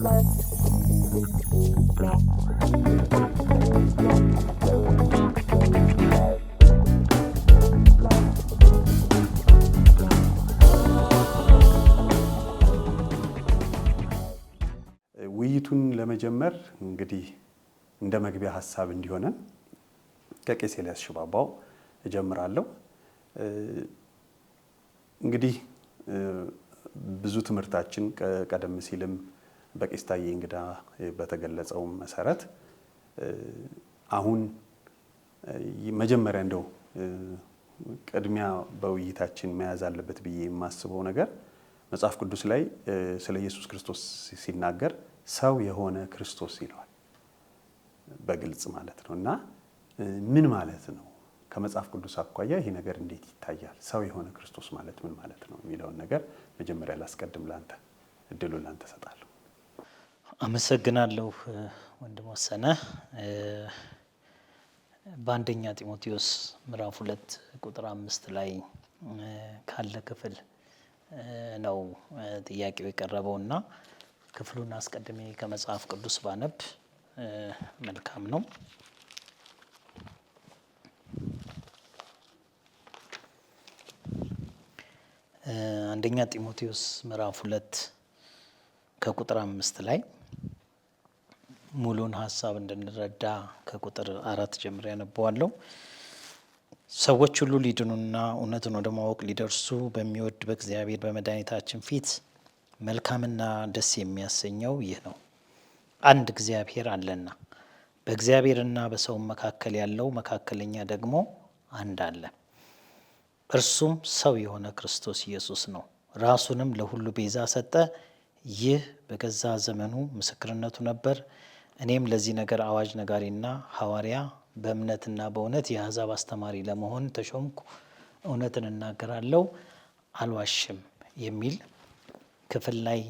ውይይቱን ለመጀመር እንግዲህ እንደ መግቢያ ሀሳብ እንዲሆነን ከቄስ ኤልያስ ሽባባው እጀምራለሁ። እንግዲህ ብዙ ትምህርታችን ቀደም ሲልም በቄስ እንግዳ በተገለጸው መሰረት አሁን መጀመሪያ እንደው ቅድሚያ በውይይታችን መያዝ አለበት ብዬ የማስበው ነገር መጽሐፍ ቅዱስ ላይ ስለ ኢየሱስ ክርስቶስ ሲናገር ሰው የሆነ ክርስቶስ ይለዋል፣ በግልጽ ማለት ነው። እና ምን ማለት ነው? ከመጽሐፍ ቅዱስ አኳያ ይሄ ነገር እንዴት ይታያል? ሰው የሆነ ክርስቶስ ማለት ምን ማለት ነው የሚለውን ነገር መጀመሪያ ላስቀድም፣ ላንተ እድሉን ላንተ ሰጣል። አመሰግናለሁ ወንድም ወሰነ። በአንደኛ ጢሞቴዎስ ምዕራፍ ሁለት ቁጥር አምስት ላይ ካለ ክፍል ነው ጥያቄው የቀረበው እና ክፍሉን አስቀድሜ ከመጽሐፍ ቅዱስ ባነብ መልካም ነው። አንደኛ ጢሞቴዎስ ምዕራፍ ሁለት ከቁጥር አምስት ላይ ሙሉን ሀሳብ እንድንረዳ ከቁጥር አራት ጀምሬ ያነበዋለው ሰዎች ሁሉ ሊድኑና እውነትን ወደ ማወቅ ሊደርሱ በሚወድ በእግዚአብሔር በመድኃኒታችን ፊት መልካምና ደስ የሚያሰኘው ይህ ነው። አንድ እግዚአብሔር አለና በእግዚአብሔርና በሰውም መካከል ያለው መካከለኛ ደግሞ አንድ አለ፣ እርሱም ሰው የሆነ ክርስቶስ ኢየሱስ ነው። ራሱንም ለሁሉ ቤዛ ሰጠ። ይህ በገዛ ዘመኑ ምስክርነቱ ነበር። እኔም ለዚህ ነገር አዋጅ ነጋሪና ሐዋርያ በእምነትና በእውነት የአሕዛብ አስተማሪ ለመሆን ተሾምኩ፣ እውነትን እናገራለሁ፣ አልዋሽም የሚል ክፍል ላይ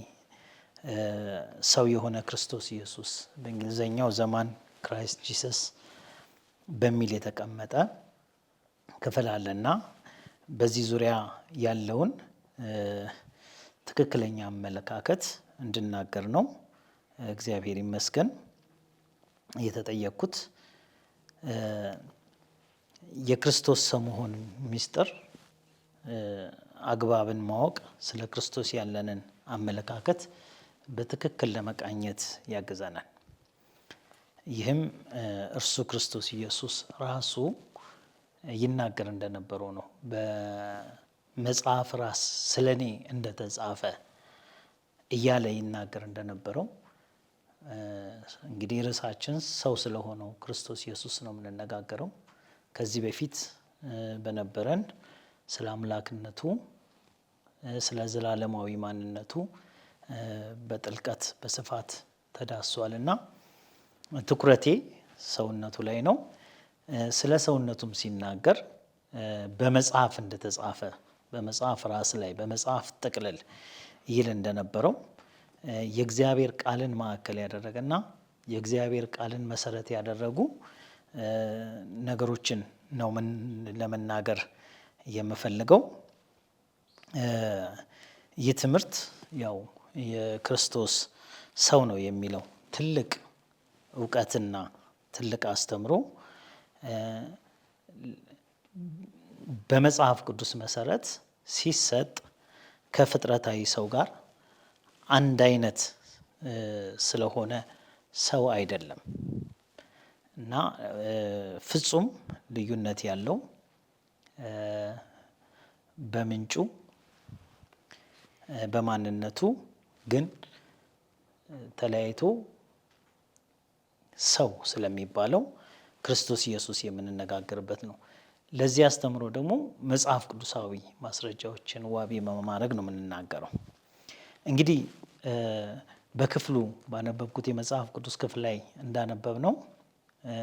ሰው የሆነ ክርስቶስ ኢየሱስ በእንግሊዝኛው ዘማን ክራይስት ጂሰስ በሚል የተቀመጠ ክፍል አለና በዚህ ዙሪያ ያለውን ትክክለኛ አመለካከት እንድናገር ነው። እግዚአብሔር ይመስገን። የተጠየቅኩት የክርስቶስ ሰው መሆን ሚስጥር አግባብን ማወቅ ስለ ክርስቶስ ያለንን አመለካከት በትክክል ለመቃኘት ያግዘናል። ይህም እርሱ ክርስቶስ ኢየሱስ ራሱ ይናገር እንደነበረው ነው። በመጽሐፍ ራስ ስለ እኔ እንደተጻፈ እያለ ይናገር እንደነበረው እንግዲህ ርዕሳችን ሰው ስለሆነው ክርስቶስ ኢየሱስ ነው የምንነጋገረው። ከዚህ በፊት በነበረን ስለ አምላክነቱ፣ ስለ ዘላለማዊ ማንነቱ በጥልቀት በስፋት ተዳሷል እና ትኩረቴ ሰውነቱ ላይ ነው። ስለ ሰውነቱም ሲናገር በመጽሐፍ እንደተጻፈ በመጽሐፍ ራስ ላይ በመጽሐፍ ጥቅልል ይል እንደነበረው የእግዚአብሔር ቃልን ማዕከል ያደረገ የእግዚአብሔር ቃልን መሰረት ያደረጉ ነገሮችን ነው ለመናገር የምፈልገው። ይህ ትምህርት ያው የክርስቶስ ሰው ነው የሚለው ትልቅ እውቀትና ትልቅ አስተምሮ በመጽሐፍ ቅዱስ መሰረት ሲሰጥ ከፍጥረታዊ ሰው ጋር አንድ አይነት ስለሆነ ሰው አይደለም እና ፍጹም ልዩነት ያለው በምንጩ በማንነቱ ግን ተለያይቶ ሰው ስለሚባለው ክርስቶስ ኢየሱስ የምንነጋገርበት ነው። ለዚህ አስተምሮ ደግሞ መጽሐፍ ቅዱሳዊ ማስረጃዎችን ዋቢ በማድረግ ነው የምንናገረው። እንግዲህ በክፍሉ ባነበብኩት የመጽሐፍ ቅዱስ ክፍል ላይ እንዳነበብ ነው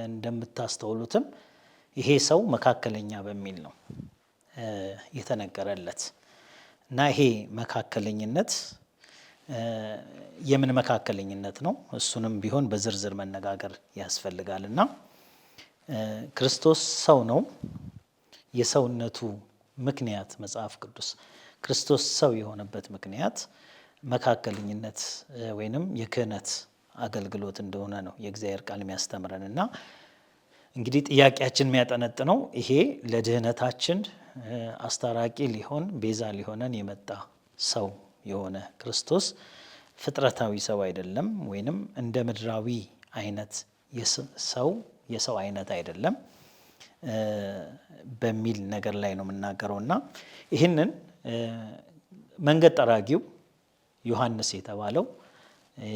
እንደምታስተውሉትም ይሄ ሰው መካከለኛ በሚል ነው የተነገረለት እና ይሄ መካከለኝነት የምን መካከለኝነት ነው? እሱንም ቢሆን በዝርዝር መነጋገር ያስፈልጋል እና ክርስቶስ ሰው ነው። የሰውነቱ ምክንያት መጽሐፍ ቅዱስ ክርስቶስ ሰው የሆነበት ምክንያት መካከለኝነት ወይንም የክህነት አገልግሎት እንደሆነ ነው የእግዚአብሔር ቃል የሚያስተምረን እና እንግዲህ ጥያቄያችን የሚያጠነጥነው ይሄ ለድህነታችን አስታራቂ ሊሆን ቤዛ ሊሆነን የመጣ ሰው የሆነ ክርስቶስ ፍጥረታዊ ሰው አይደለም፣ ወይንም እንደ ምድራዊ አይነት ሰው የሰው አይነት አይደለም በሚል ነገር ላይ ነው የምናገረው እና ይህንን መንገድ ጠራጊው ዮሐንስ የተባለው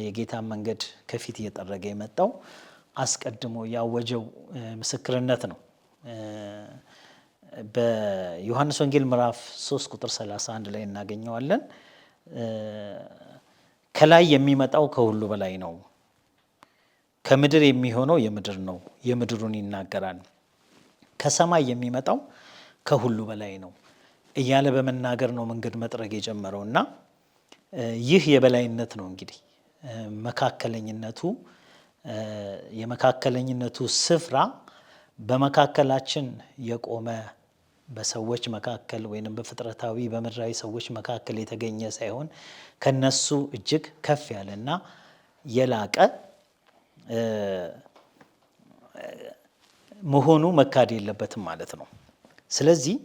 የጌታን መንገድ ከፊት እየጠረገ የመጣው አስቀድሞ ያወጀው ምስክርነት ነው። በዮሐንስ ወንጌል ምዕራፍ 3 ቁጥር 31 ላይ እናገኘዋለን። ከላይ የሚመጣው ከሁሉ በላይ ነው፣ ከምድር የሚሆነው የምድር ነው፣ የምድሩን ይናገራል። ከሰማይ የሚመጣው ከሁሉ በላይ ነው እያለ በመናገር ነው መንገድ መጥረግ የጀመረው እና ይህ የበላይነት ነው እንግዲህ መካከለኝነቱ የመካከለኝነቱ ስፍራ በመካከላችን የቆመ በሰዎች መካከል ወይም በፍጥረታዊ በምድራዊ ሰዎች መካከል የተገኘ ሳይሆን ከነሱ እጅግ ከፍ ያለና የላቀ መሆኑ መካድ የለበትም ማለት ነው። ስለዚህ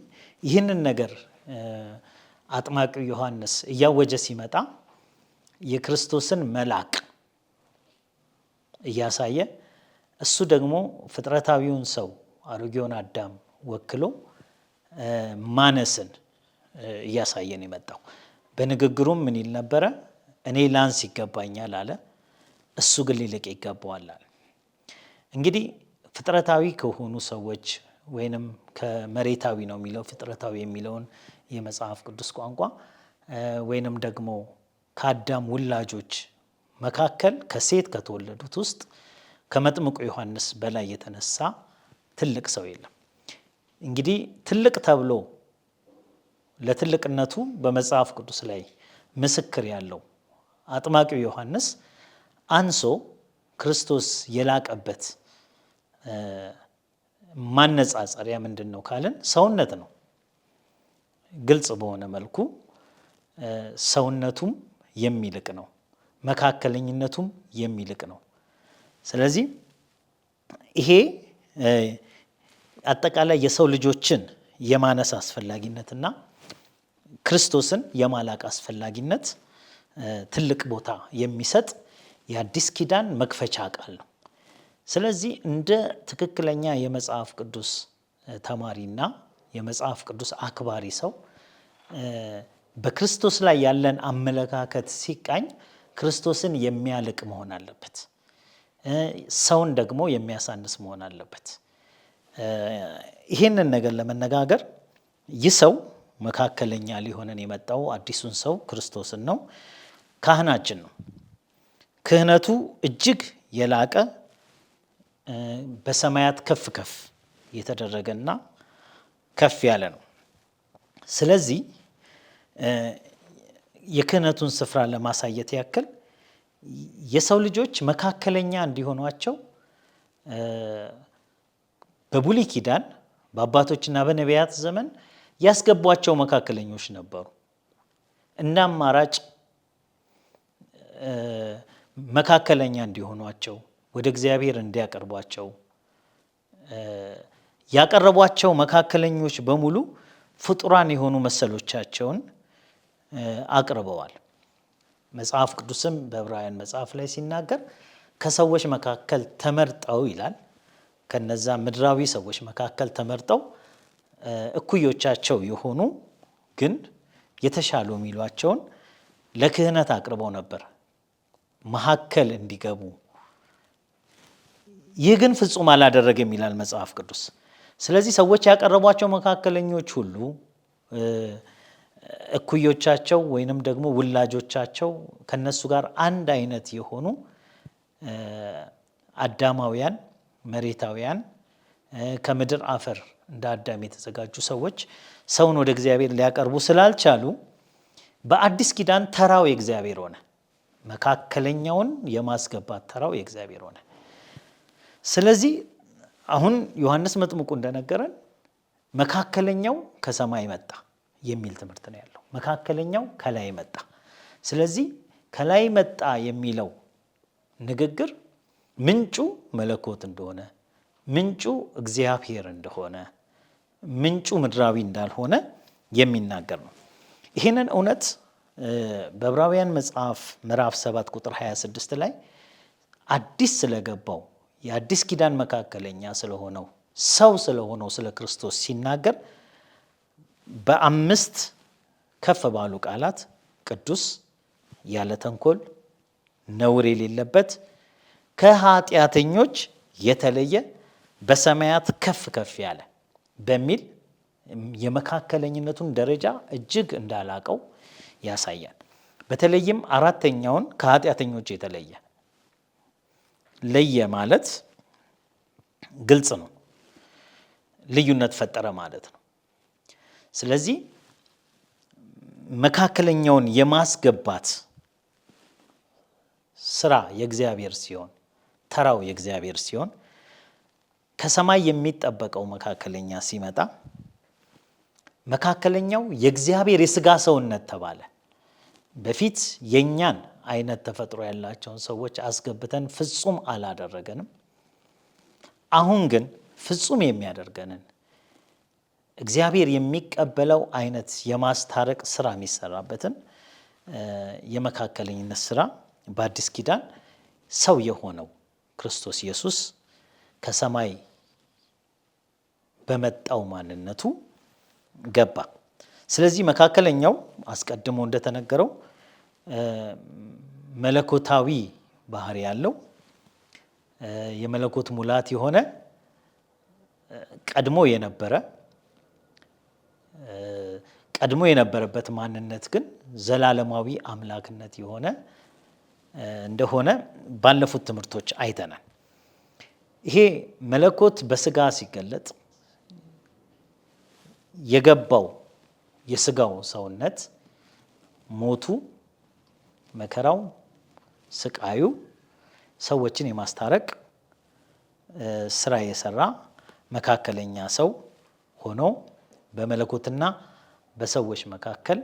ይህንን ነገር አጥማቂው ዮሐንስ እያወጀ ሲመጣ የክርስቶስን መላቅ እያሳየ እሱ ደግሞ ፍጥረታዊውን ሰው አሮጌውን አዳም ወክሎ ማነስን እያሳየን የመጣው በንግግሩም ምን ይል ነበረ? እኔ ላንስ ይገባኛል አለ፣ እሱ ግን ሊልቅ ይገባዋል አለ። እንግዲህ ፍጥረታዊ ከሆኑ ሰዎች ወይንም ከመሬታዊ ነው የሚለው ፍጥረታዊ የሚለውን የመጽሐፍ ቅዱስ ቋንቋ ወይንም ደግሞ ከአዳም ውላጆች መካከል ከሴት ከተወለዱት ውስጥ ከመጥምቁ ዮሐንስ በላይ የተነሳ ትልቅ ሰው የለም። እንግዲህ ትልቅ ተብሎ ለትልቅነቱ በመጽሐፍ ቅዱስ ላይ ምስክር ያለው አጥማቂው ዮሐንስ አንሶ ክርስቶስ የላቀበት ማነጻጸሪያ ምንድን ነው ካልን ሰውነት ነው። ግልጽ በሆነ መልኩ ሰውነቱም የሚልቅ ነው፣ መካከለኝነቱም የሚልቅ ነው። ስለዚህ ይሄ አጠቃላይ የሰው ልጆችን የማነስ አስፈላጊነትና ክርስቶስን የማላቅ አስፈላጊነት ትልቅ ቦታ የሚሰጥ የአዲስ ኪዳን መክፈቻ ቃል ነው። ስለዚህ እንደ ትክክለኛ የመጽሐፍ ቅዱስ ተማሪና የመጽሐፍ ቅዱስ አክባሪ ሰው በክርስቶስ ላይ ያለን አመለካከት ሲቃኝ ክርስቶስን የሚያልቅ መሆን አለበት። ሰውን ደግሞ የሚያሳንስ መሆን አለበት። ይህንን ነገር ለመነጋገር ይህ ሰው መካከለኛ ሊሆንን የመጣው አዲሱን ሰው ክርስቶስን ነው፣ ካህናችን ነው። ክህነቱ እጅግ የላቀ በሰማያት ከፍ ከፍ የተደረገና ከፍ ያለ ነው። ስለዚህ የክህነቱን ስፍራ ለማሳየት ያክል የሰው ልጆች መካከለኛ እንዲሆኗቸው በብሉይ ኪዳን በአባቶችና በነቢያት ዘመን ያስገቧቸው መካከለኞች ነበሩ እና አማራጭ መካከለኛ እንዲሆኗቸው ወደ እግዚአብሔር እንዲያቀርቧቸው ያቀረቧቸው መካከለኞች በሙሉ ፍጡራን የሆኑ መሰሎቻቸውን አቅርበዋል። መጽሐፍ ቅዱስም በዕብራውያን መጽሐፍ ላይ ሲናገር ከሰዎች መካከል ተመርጠው ይላል። ከነዛ ምድራዊ ሰዎች መካከል ተመርጠው እኩዮቻቸው የሆኑ ግን የተሻሉ የሚሏቸውን ለክህነት አቅርበው ነበር መካከል እንዲገቡ። ይህ ግን ፍጹም አላደረገም ይላል መጽሐፍ ቅዱስ። ስለዚህ ሰዎች ያቀረቧቸው መካከለኞች ሁሉ እኩዮቻቸው ወይንም ደግሞ ውላጆቻቸው ከነሱ ጋር አንድ አይነት የሆኑ አዳማውያን፣ መሬታውያን ከምድር አፈር እንደ አዳም የተዘጋጁ ሰዎች ሰውን ወደ እግዚአብሔር ሊያቀርቡ ስላልቻሉ በአዲስ ኪዳን ተራው የእግዚአብሔር ሆነ። መካከለኛውን የማስገባት ተራው የእግዚአብሔር ሆነ። ስለዚህ አሁን ዮሐንስ መጥምቁ እንደነገረን መካከለኛው ከሰማይ መጣ የሚል ትምህርት ነው ያለው። መካከለኛው ከላይ መጣ። ስለዚህ ከላይ መጣ የሚለው ንግግር ምንጩ መለኮት እንደሆነ፣ ምንጩ እግዚአብሔር እንደሆነ፣ ምንጩ ምድራዊ እንዳልሆነ የሚናገር ነው። ይህንን እውነት በብራውያን መጽሐፍ ምዕራፍ 7 ቁጥር 26 ላይ አዲስ ስለገባው የአዲስ ኪዳን መካከለኛ ስለሆነው ሰው ስለሆነው ስለ ክርስቶስ ሲናገር በአምስት ከፍ ባሉ ቃላት ቅዱስ፣ ያለ ተንኮል፣ ነውር የሌለበት፣ ከኃጢአተኞች የተለየ፣ በሰማያት ከፍ ከፍ ያለ በሚል የመካከለኝነቱን ደረጃ እጅግ እንዳላቀው ያሳያል። በተለይም አራተኛውን ከኃጢአተኞች የተለየ ለየ ማለት ግልጽ ነው። ልዩነት ፈጠረ ማለት ነው። ስለዚህ መካከለኛውን የማስገባት ስራ የእግዚአብሔር ሲሆን ተራው የእግዚአብሔር ሲሆን ከሰማይ የሚጠበቀው መካከለኛ ሲመጣ መካከለኛው የእግዚአብሔር የስጋ ሰውነት ተባለ። በፊት የእኛን አይነት ተፈጥሮ ያላቸውን ሰዎች አስገብተን ፍጹም አላደረገንም። አሁን ግን ፍጹም የሚያደርገንን እግዚአብሔር የሚቀበለው አይነት የማስታረቅ ስራ የሚሰራበትን የመካከለኝነት ስራ በአዲስ ኪዳን ሰው የሆነው ክርስቶስ ኢየሱስ ከሰማይ በመጣው ማንነቱ ገባ። ስለዚህ መካከለኛው አስቀድሞ እንደተነገረው መለኮታዊ ባህር ያለው የመለኮት ሙላት የሆነ ቀድሞ የነበረ ቀድሞ የነበረበት ማንነት ግን ዘላለማዊ አምላክነት የሆነ እንደሆነ ባለፉት ትምህርቶች አይተናል። ይሄ መለኮት በስጋ ሲገለጥ የገባው የስጋው ሰውነት ሞቱ መከራው፣ ስቃዩ ሰዎችን የማስታረቅ ስራ የሰራ መካከለኛ ሰው ሆኖ በመለኮትና በሰዎች መካከል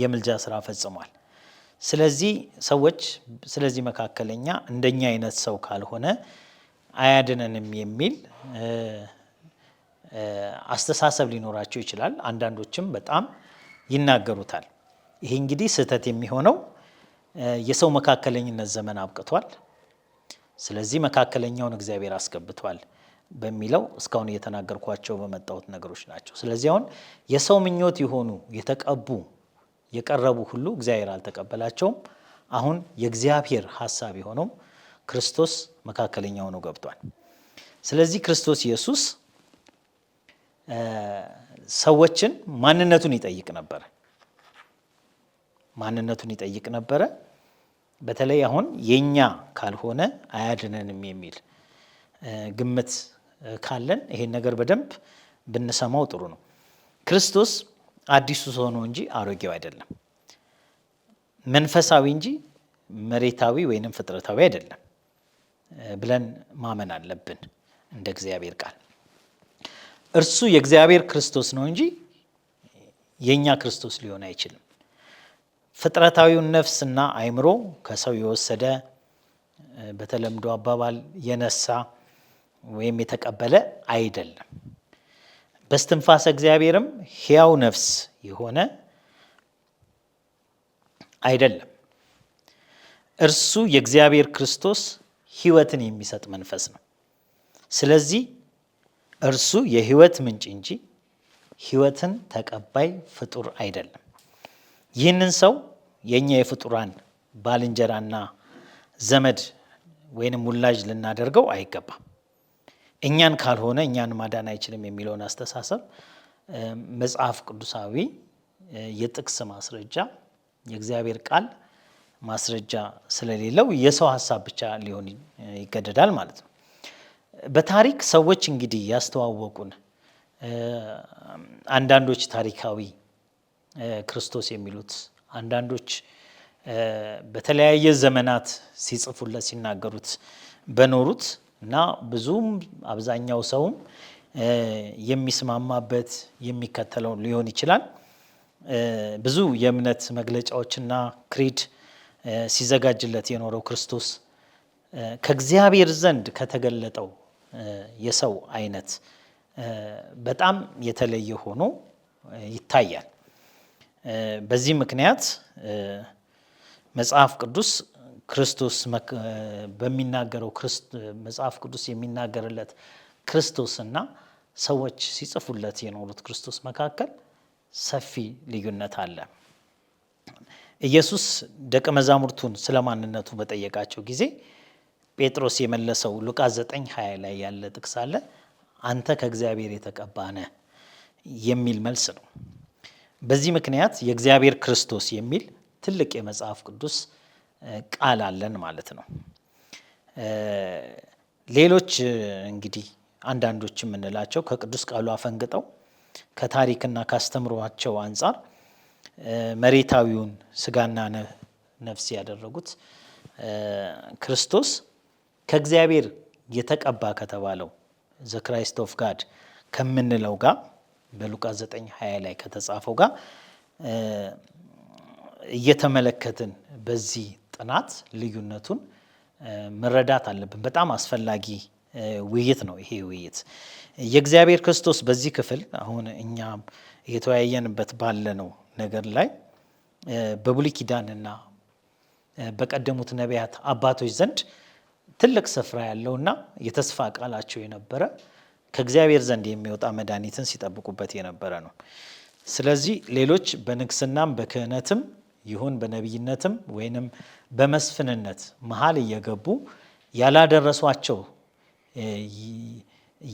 የምልጃ ስራ ፈጽሟል። ስለዚህ ሰዎች ስለዚህ መካከለኛ እንደኛ አይነት ሰው ካልሆነ አያድነንም የሚል አስተሳሰብ ሊኖራቸው ይችላል። አንዳንዶችም በጣም ይናገሩታል። ይሄ እንግዲህ ስህተት የሚሆነው የሰው መካከለኝነት ዘመን አብቅቷል፣ ስለዚህ መካከለኛውን እግዚአብሔር አስገብቷል በሚለው እስካሁን እየተናገርኳቸው በመጣሁት ነገሮች ናቸው። ስለዚህ አሁን የሰው ምኞት የሆኑ የተቀቡ የቀረቡ ሁሉ እግዚአብሔር አልተቀበላቸውም። አሁን የእግዚአብሔር ሀሳብ የሆነው ክርስቶስ መካከለኛው ነው ገብቷል። ስለዚህ ክርስቶስ ኢየሱስ ሰዎችን ማንነቱን ይጠይቅ ነበር። ማንነቱን ይጠይቅ ነበረ። በተለይ አሁን የኛ ካልሆነ አያድነንም የሚል ግምት ካለን ይሄን ነገር በደንብ ብንሰማው ጥሩ ነው። ክርስቶስ አዲሱ ሰው ነው እንጂ አሮጌው አይደለም። መንፈሳዊ እንጂ መሬታዊ ወይንም ፍጥረታዊ አይደለም ብለን ማመን አለብን። እንደ እግዚአብሔር ቃል እርሱ የእግዚአብሔር ክርስቶስ ነው እንጂ የእኛ ክርስቶስ ሊሆን አይችልም። ፍጥረታዊውን ነፍስና አይምሮ ከሰው የወሰደ በተለምዶ አባባል የነሳ ወይም የተቀበለ አይደለም። በስትንፋስ እግዚአብሔርም ሕያው ነፍስ የሆነ አይደለም። እርሱ የእግዚአብሔር ክርስቶስ ህይወትን የሚሰጥ መንፈስ ነው። ስለዚህ እርሱ የህይወት ምንጭ እንጂ ህይወትን ተቀባይ ፍጡር አይደለም። ይህንን ሰው የእኛ የፍጡራን ባልንጀራና ዘመድ ወይንም ሙላጅ ልናደርገው አይገባም። እኛን ካልሆነ እኛን ማዳን አይችልም የሚለውን አስተሳሰብ መጽሐፍ ቅዱሳዊ የጥቅስ ማስረጃ የእግዚአብሔር ቃል ማስረጃ ስለሌለው የሰው ሀሳብ ብቻ ሊሆን ይገደዳል ማለት ነው። በታሪክ ሰዎች እንግዲህ ያስተዋወቁን አንዳንዶች ታሪካዊ ክርስቶስ የሚሉት አንዳንዶች በተለያየ ዘመናት ሲጽፉለት ሲናገሩት በኖሩት እና ብዙም አብዛኛው ሰውም የሚስማማበት የሚከተለው ሊሆን ይችላል። ብዙ የእምነት መግለጫዎችና ክሪድ ሲዘጋጅለት የኖረው ክርስቶስ ከእግዚአብሔር ዘንድ ከተገለጠው የሰው አይነት በጣም የተለየ ሆኖ ይታያል። በዚህ ምክንያት መጽሐፍ ቅዱስ ክርስቶስ በሚናገረው መጽሐፍ ቅዱስ የሚናገርለት ክርስቶስና ሰዎች ሲጽፉለት የኖሩት ክርስቶስ መካከል ሰፊ ልዩነት አለ። ኢየሱስ ደቀ መዛሙርቱን ስለ ማንነቱ በጠየቃቸው ጊዜ ጴጥሮስ የመለሰው ሉቃ 9 20 ላይ ያለ ጥቅስ አለ። አንተ ከእግዚአብሔር የተቀባነ የሚል መልስ ነው። በዚህ ምክንያት የእግዚአብሔር ክርስቶስ የሚል ትልቅ የመጽሐፍ ቅዱስ ቃል አለን ማለት ነው። ሌሎች እንግዲህ አንዳንዶች የምንላቸው ከቅዱስ ቃሉ አፈንግጠው ከታሪክና ካስተምሯቸው አንጻር መሬታዊውን ስጋና ነፍስ ያደረጉት ክርስቶስ ከእግዚአብሔር የተቀባ ከተባለው ዘ ክራይስት ኦፍ ጋድ ከምንለው ጋር በሉቃስ 20 ላይ ከተጻፈው ጋር እየተመለከትን በዚህ ጥናት ልዩነቱን መረዳት አለብን። በጣም አስፈላጊ ውይይት ነው ይሄ ውይይት። የእግዚአብሔር ክርስቶስ በዚህ ክፍል አሁን እኛ እየተወያየንበት ባለነው ነገር ላይ በቡሊ ኪዳንና በቀደሙት ነቢያት አባቶች ዘንድ ትልቅ ስፍራ ያለውና የተስፋ ቃላቸው የነበረ ከእግዚአብሔር ዘንድ የሚወጣ መድኃኒትን ሲጠብቁበት የነበረ ነው። ስለዚህ ሌሎች በንግስናም በክህነትም ይሁን በነቢይነትም ወይንም በመስፍንነት መሀል እየገቡ ያላደረሷቸው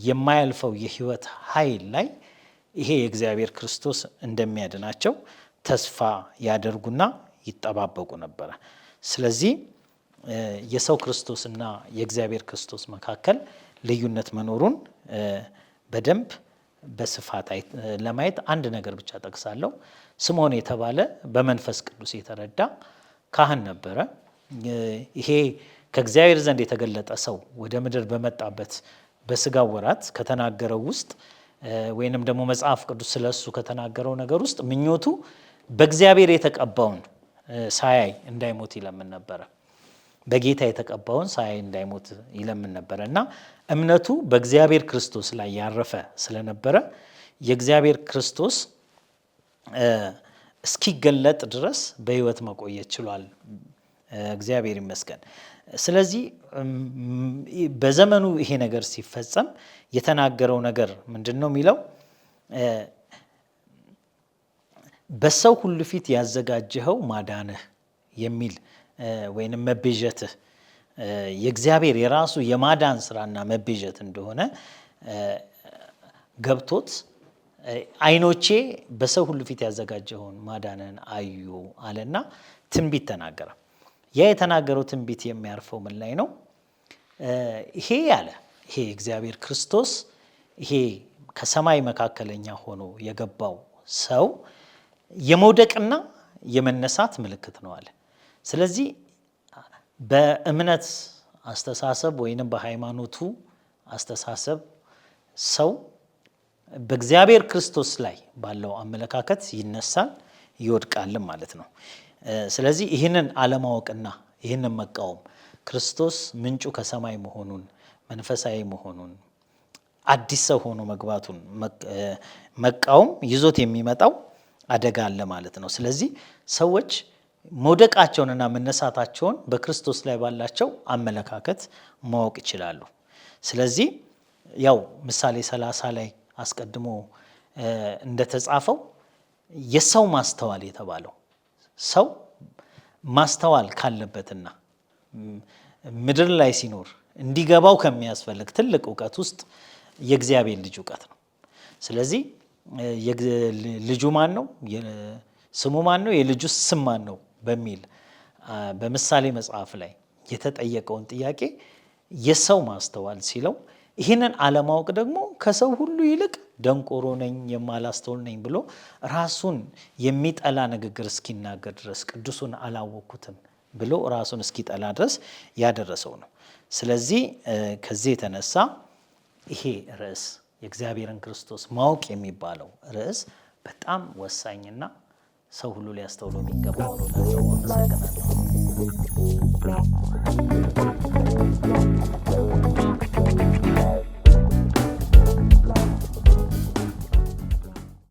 የማያልፈው የህይወት ኃይል ላይ ይሄ የእግዚአብሔር ክርስቶስ እንደሚያድናቸው ተስፋ ያደርጉና ይጠባበቁ ነበረ። ስለዚህ የሰው ክርስቶስና የእግዚአብሔር ክርስቶስ መካከል ልዩነት መኖሩን በደንብ በስፋት ለማየት አንድ ነገር ብቻ ጠቅሳለሁ። ስምዖን የተባለ በመንፈስ ቅዱስ የተረዳ ካህን ነበረ። ይሄ ከእግዚአብሔር ዘንድ የተገለጠ ሰው ወደ ምድር በመጣበት በስጋው ወራት ከተናገረው ውስጥ ወይንም ደግሞ መጽሐፍ ቅዱስ ስለ እሱ ከተናገረው ነገር ውስጥ ምኞቱ በእግዚአብሔር የተቀባውን ሳያይ እንዳይሞት ይለምን ነበረ። በጌታ የተቀባውን ሳይ እንዳይሞት ይለምን ነበረ እና እምነቱ በእግዚአብሔር ክርስቶስ ላይ ያረፈ ስለነበረ የእግዚአብሔር ክርስቶስ እስኪገለጥ ድረስ በህይወት መቆየት ችሏል። እግዚአብሔር ይመስገን። ስለዚህ በዘመኑ ይሄ ነገር ሲፈጸም የተናገረው ነገር ምንድን ነው የሚለው በሰው ሁሉ ፊት ያዘጋጀኸው ማዳንህ የሚል ወይንም መቤዠትህ የእግዚአብሔር የራሱ የማዳን ስራና መቤዠት እንደሆነ ገብቶት አይኖቼ በሰው ሁሉ ፊት ያዘጋጀውን ማዳንን አዩ አለና ትንቢት ተናገረ። ያ የተናገረው ትንቢት የሚያርፈው ምን ላይ ነው? ይሄ ያለ ይሄ እግዚአብሔር ክርስቶስ ይሄ ከሰማይ መካከለኛ ሆኖ የገባው ሰው የመውደቅና የመነሳት ምልክት ነው አለ። ስለዚህ በእምነት አስተሳሰብ ወይንም በሃይማኖቱ አስተሳሰብ ሰው በእግዚአብሔር ክርስቶስ ላይ ባለው አመለካከት ይነሳል ይወድቃልም ማለት ነው። ስለዚህ ይህንን አለማወቅና ይህንን መቃወም ክርስቶስ ምንጩ ከሰማይ መሆኑን መንፈሳዊ መሆኑን አዲስ ሰው ሆኖ መግባቱን መቃወም ይዞት የሚመጣው አደጋ አለ ማለት ነው። ስለዚህ ሰዎች መውደቃቸውንና መነሳታቸውን በክርስቶስ ላይ ባላቸው አመለካከት ማወቅ ይችላሉ። ስለዚህ ያው ምሳሌ ሰላሳ ላይ አስቀድሞ እንደተጻፈው የሰው ማስተዋል የተባለው ሰው ማስተዋል ካለበትና ምድር ላይ ሲኖር እንዲገባው ከሚያስፈልግ ትልቅ እውቀት ውስጥ የእግዚአብሔር ልጅ እውቀት ነው። ስለዚህ ልጁ ማን ነው? ስሙ ማን ነው? የልጁ ስም ማን ነው? በሚል በምሳሌ መጽሐፍ ላይ የተጠየቀውን ጥያቄ የሰው ማስተዋል ሲለው ይህንን አለማወቅ ደግሞ ከሰው ሁሉ ይልቅ ደንቆሮ ነኝ የማላስተውል ነኝ ብሎ ራሱን የሚጠላ ንግግር እስኪናገር ድረስ ቅዱሱን አላወቅኩትም ብሎ ራሱን እስኪጠላ ድረስ ያደረሰው ነው። ስለዚህ ከዚህ የተነሳ ይሄ ርዕስ የእግዚአብሔርን ክርስቶስ ማወቅ የሚባለው ርዕስ በጣም ወሳኝና ሰው ሁሉ ሊያስተውሎ የሚገባው ነው። ለሰው አመሰግናለሁ።